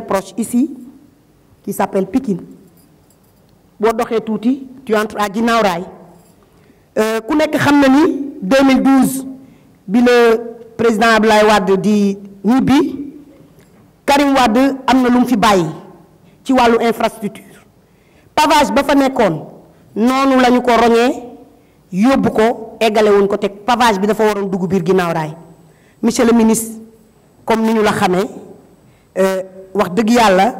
proche ici qui s'appelle Pikin boo et tu entres à Guinaw Euh, ku 2012 le président Abdoulaye Wade di Nibi, Karim Wade a lu mu fi ci infrastructure pavage ba non nous Nous, la ko roñee yóbbu ko pavage bi dafa du Goubir biir monsieur le ministre comme nous la euh, wax deug yalla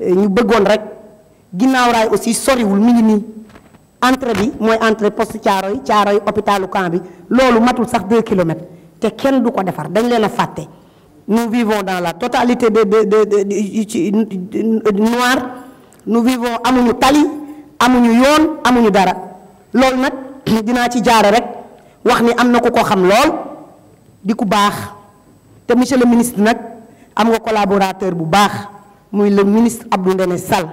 eh, ñu bëggoon rek ginnaw raay aussi soriwul mi ngi nii entrée bi moy entrée poste Thiaroye Thiaroye hôpitalu camp bi loolu matul sax 2 kilomètres te kenn du ko defar dañ leena faté, nous vivons dans la totalité de de de de noir nous vivons amuñu tali amuñu yoon amuñu dara lolu nak dina ci jaare rek wax ni amna ko ko xam lool di ku baax te monsieur le ministre nak am nga collaborateur bu baax muy le ministre Abdou Ndéné Sall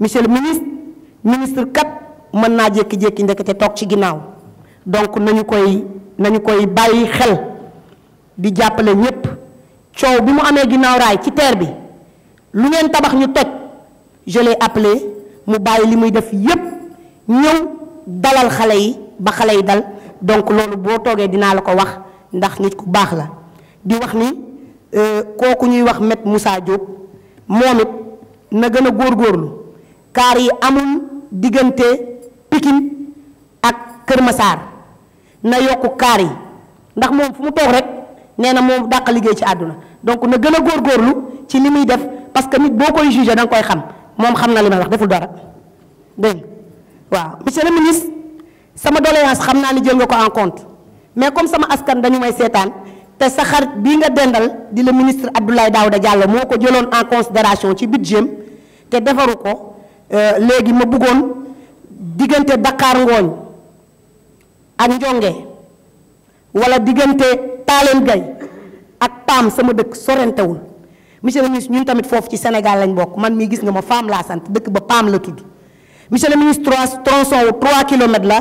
monsieur le ministre ministre kat mën naa jékki-jékki ndekete toog ci ginnaaw donc nañu koy nañu koy bàyyi xel di jàppale ñépp coow bi mu amee ginnaaw raay ci teer bi lu ngeen tabax ñu toj je l'ai appelé mu bàyyi li muy def yépp ñëw dalal xale yi ba xale yi dal donc loolu boo toogee dinaa la ko wax ndax nit ku baax la di wax ni kooku ñuy wax met Moussa Diop moom it na gën a góor góorgóorlu kaar yi amul diggante Pikine ak Kër Massar na yokk kaar yi ndax moom fu mu toog rek nee na moom dàq liggéey ci àdduna donc na gën a góor góorgóorlu ci li muy def parce que nit boo koy jugé da nga koy xam moom xam na li may wax deful dara dégg waaw monsieur le ministre sama doléance xam naa ni jël nga ko en compte mais comme sama askan dañu may seetaan. te sa bi nga dendal di le ministre Abdoulaye Daouda Diallo moko ko en considération ci budget te defaru ko euh, légui ma bëggoon diggante Dakar ngoñ ak Njongé wala diggante Taaleen Gay ak PAM sama dëkk sorentewul monsieur le ministre ñun tamit fofu ci Sénégal lañ bok man mi gis nga ma femme la sant dëkk ba PAM la tudd monsieur le ministre tronçon wu 3 kilomètres la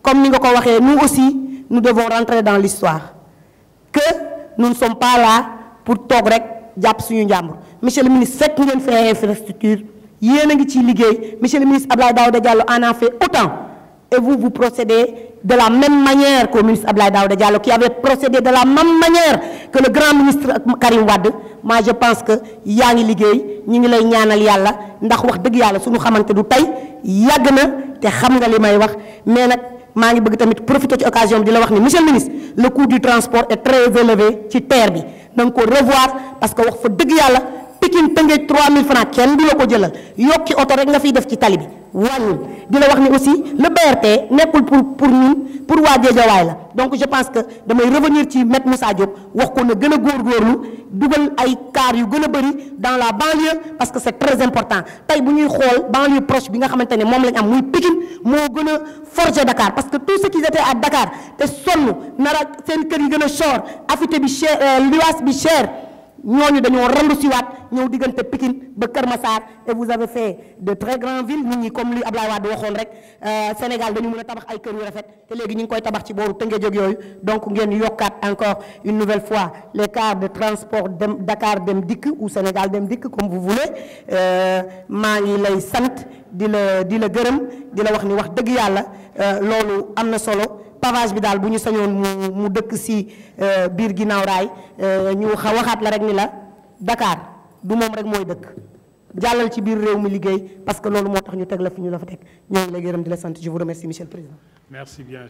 comme ni nga ko waxé nous aussi nous devons rentrer dans l'histoire que nous ne sommes pas là pour toog rek jàpp suñu monsieur le ministre que ngeen fi infrastructure yéna a ngi ci liggéey monsieur le ministre ablaye Daouda Diallo en a fait autant et vous vous procédez de la même manière que le ministre ablaye Daouda Diallo qui avait procédé de la même manière que le grand ministre Karim wad moi je pense que yaa ngi liggéey ñu ngi lay ñaanal yalla ndax wax dëgg yalla suñu xamanté du tay yagna té xam nga limay wax mais nak ma ngi bëgg tamit profiter ci occasion bi di la wax ni monsieur le ministre le coût du transport est très élevé tu terminé. Donc, revoir parce que faut fa Pikine Tëngéej 3000 francs kenn du la ko jëlal yokki auto rek nga fi def ci tali bi wàññil di la wax ni aussi le BRT nekkul pour pour ñun pour waa Géejawaay la donc je pense que damay revenir ci met Moussa Diop wax ko na gëna gor gorlu dugal ay car yu gëna a dans la banlieue parce que c'est très important tay bu ñuy xool banlieue proche bi nga xamantene mom lañ am muy Pikine mo gëna forger Dakar parce que tout ce qui était à Dakar te sonn nara sen kër yi gëna a cher affité bi cher euh, luwaas bi cher ñooñu dañoo randu siwaat ñëw diggante pikin ba Kër Massar et vous avez fait de très grandes villes nit ñi comme li Abdoulaye Wade waxoon rek euh, Sénégal dañu mën a tabax ay kër yu rafet te léegi ñu ngi koy tabax ci booru Tëngéej ak yooyu donc ngeen yokkaat encore une nouvelle fois les cars de transport dem Dakar dem dikk ou Sénégal dem dikk comme vous voulez euh, maa ngi lay sant di la di la gërëm di la wax ni wax dëgg yàlla euh, loolu am na solo pavage bi daal bu ñu sañoon mu mu dëkk si euh, biir ginnaaw raay euh, ñu waxaat la rek ni la Dakar du mom rek moy dëkk jallal ci bir réew mi liggéey parce que loolu moo tax ñu teg la fi ñu la fa teg ñoo ngi lay gërëm di la sant je vous remercie monsieur le président. merci bien.